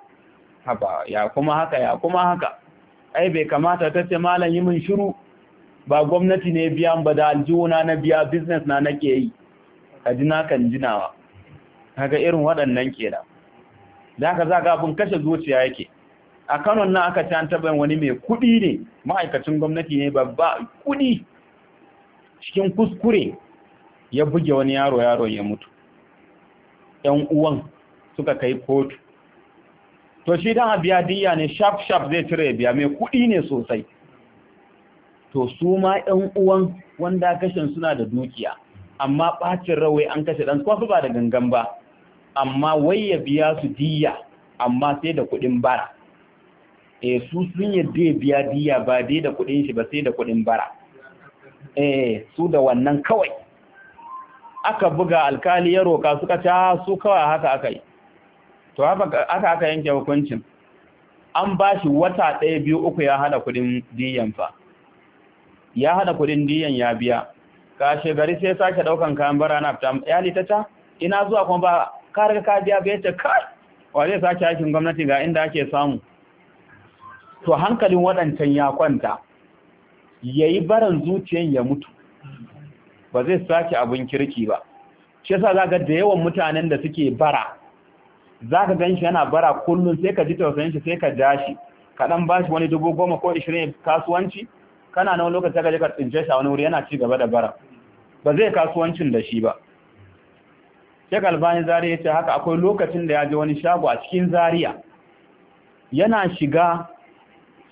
haba ya kuma haka ya kuma haka ai bai kamata ta ce malam yi min shiru ba gwamnati ne biyan ba da aljihuna na biya business na nake yi kaji na kan jinawa kaga irin waɗannan kenan da haka za ga abin kashe zuciya yake a kanon na aka can an wani mai kuɗi ne ma'aikacin gwamnati ne babba kuɗi cikin kuskure ya buge wani yaro yaro ya mutu ‘yan uwan suka kai kotu to shi dan abiya diya ne sharp sharp zai cire biya mai kuɗi ne sosai to su ma ‘yan uwan wanda kashin suna da dukiya amma ɓacin rawai an kashe ɗan kuma ba da gangan ba amma wai ya biya su diya amma sai da kuɗin bara eh su sun yadda ya biya diya ba dai da kuɗin shi ba sai da kuɗin bara eh su da wannan kawai aka buga alkali ya roka suka ta ah, su kawai haka aka yi to haka aka yanke hukuncin an bashi wata ɗaya biyu uku ya hada kudin diyan fa ya hada kudin diyan ya biya kashe gari sai sake ɗaukan kayan bara na fita ya litata ina zuwa kuma ba ka riga ka biya bai ce kai wa zai sake aikin gwamnati ga inda ake samu to hankalin waɗancan ya kwanta ya yi baran zuciyan ya mutu ba zai sake abin kirki ba shi yasa zaka da yawan mutanen da suke bara zaka ganshi yana bara kullum, sai ka ji tausayin shi sai ka ja shi ka dan bashi wani dubu goma ko 20 kasuwanci kana nan lokacin ka je ka tsince shi a wani wuri yana ci gaba da bara ba zai kasuwancin da shi ba Sheikh Albani Zaria yace haka akwai lokacin da ya je wani shago a cikin Zaria yana shiga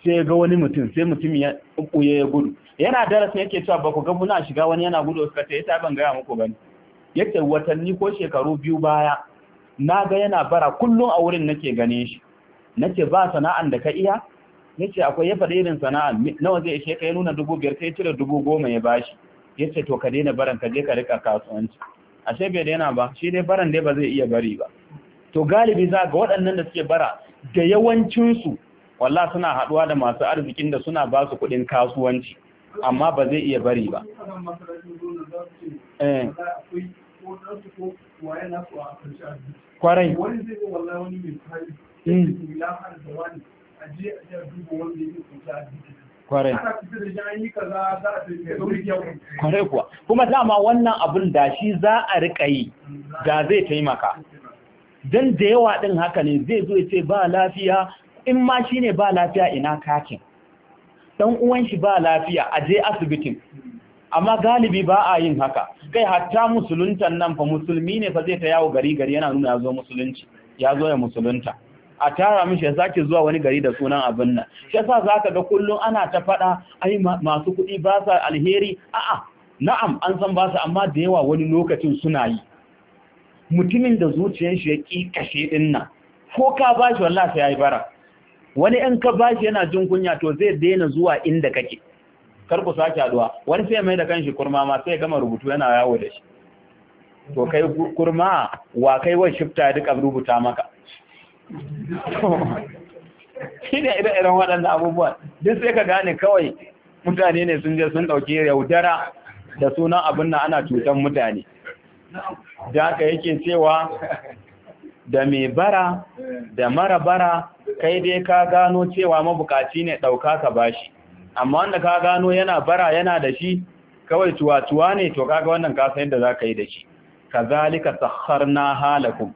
sai ga wani mutum sai mutum ya kuye ya gudu yana darasin yake cewa ba ku ga muna shiga wani yana gudu suka ce yasa ban ga muku gani yace watanni ko shekaru biyu baya na ga yana bara kullum a wurin nake gane shi nace ba sana'an da ka iya yace akwai ya faɗi irin sana'a nawa zai ishe ka ya nuna dubu biyar sai ya cire dubu goma ya bashi yace to ka daina baran ka je ka rika kasuwanci ashe bai daina ba shi dai baran dai ba zai iya bari ba to galibi za ga waɗannan da suke bara da yawancinsu wallah suna haɗuwa da masu arzikin da suna ba su kuɗin kasuwanci amma ba zai iya bari ba eh. kwarai hmm. kwarai kuwa kuma dama wannan abin da shi za a riƙa yi da zai taimaka don da yawa ɗin haka ne zai zo ce ba lafiya in ma shi ne ba lafiya ina kakin ɗan uwan shi ba lafiya a je asibitin amma galibi ba a yin haka kai hatta musuluntan nan fa musulmi ne fa zai ta yawo gari gari yana nuna ya zo musulunci ya zo ya musulunta a tara mishi ya sake zuwa wani gari da sunan abin nan shi yasa zaka ga kullum ana ta faɗa ai masu kuɗi ba sa alheri a'a na'am an san ba su amma da yawa wani lokacin suna yi mutumin da zuciyar shi ya ƙi kashe din nan ko ka ba shi wallahi sai bara wani in ka ba shi yana jin kunya to zai daina zuwa inda kake kar ku sake haduwa wani sai mai da kanshi kurma ma sai gama rubutu yana yawo da shi to kai kurma wa kai wai shifta duka rubuta maka shi ne ire-iren waɗanda abubuwa duk sai ka gane kawai mutane ne sun je sun ɗauki yaudara da suna abin nan ana cutan mutane da ka yake cewa da mai bara da mara bara kai dai ka gano cewa mabukaci ne ɗauka ka bashi amma wanda ka gano yana bara yana da shi kawai tuwa-tuwa ne to kaga wannan kasa yadda za ka yi da shi ka kazalika na halakun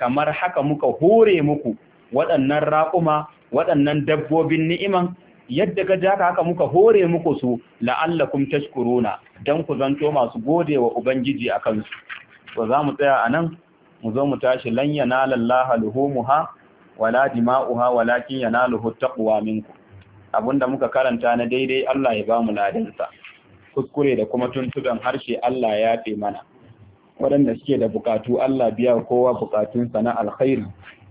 kamar haka muka hore muku waɗannan raƙuma waɗannan dabbobin ni'iman yadda ka jaka haka muka hore muku su la'allakum tashkuruna dan ku zanto masu godewa ubangiji akan su to za mu tsaya anan mu zo mu tashi lan yanalallaha luhumuha wala dima'uha walakin yanaluhu taqwa minkum abunda muka karanta na daidai Allah ya ba mu ladansa kuskure da kuma tuntuban harshe Allah ya fi mana waɗanda suke da bukatu Allah biya kowa buƙatunsa na alkhairi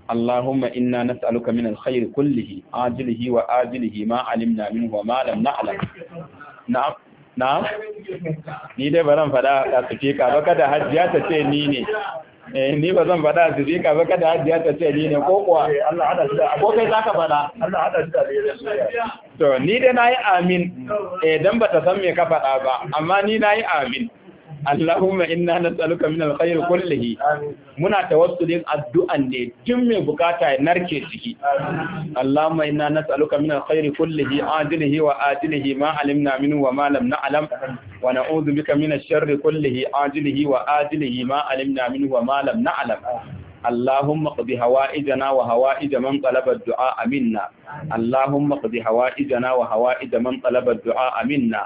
Allahumma inna nas'aluka min alkhairi kullihi ajilihi wa ajilihi ma alimna minhu wa ma lam na'lam na'am na'am ni dai ba zan faɗa a sufika ba kada hajjiya ta ce ni ne eh ni ba zan faɗa a sufika ba kada hajjiya ta ce ni ne ko kuwa ko kai za ka faɗa Allah hada shi da to ni dai nayi amin eh dan ba ta san me ka faɗa ba amma ni nayi amin Allahumma inna nas'aluka min alkhair kullihi muna tawassulin addu'an ne tun mai bukata ya narke ciki Allahumma inna nas'aluka min alkhair kullihi ajilihi wa adilihi ma alimna minhu wa ma lam na'lam wa na'udhu bika min ash-sharri kullihi ajilihi wa adilihi ma alimna minhu wa ma lam na'lam اللهم اقض هوائجنا وهوائج من طلب الدعاء منا اللهم اقض هوائجنا وهوائج من طلب الدعاء منا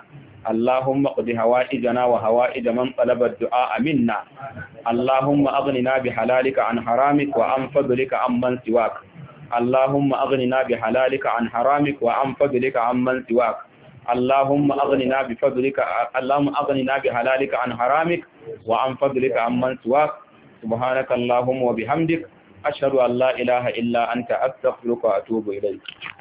اللهم اقض هوائجنا وهوائج من طلب الدعاء منا اللهم أغننا بحلالك عن حرامك وعن فضلك عن من سواك اللهم أغننا بحلالك عن حرامك وعن فضلك عن من سواك اللهم أغننا بفضلك اللهم أغننا بحلالك عن حرامك وعن فضلك عن من سواك سبحانك اللهم وبحمدك أشهد أن لا إله إلا أنت أستغفرك وأتوب إليك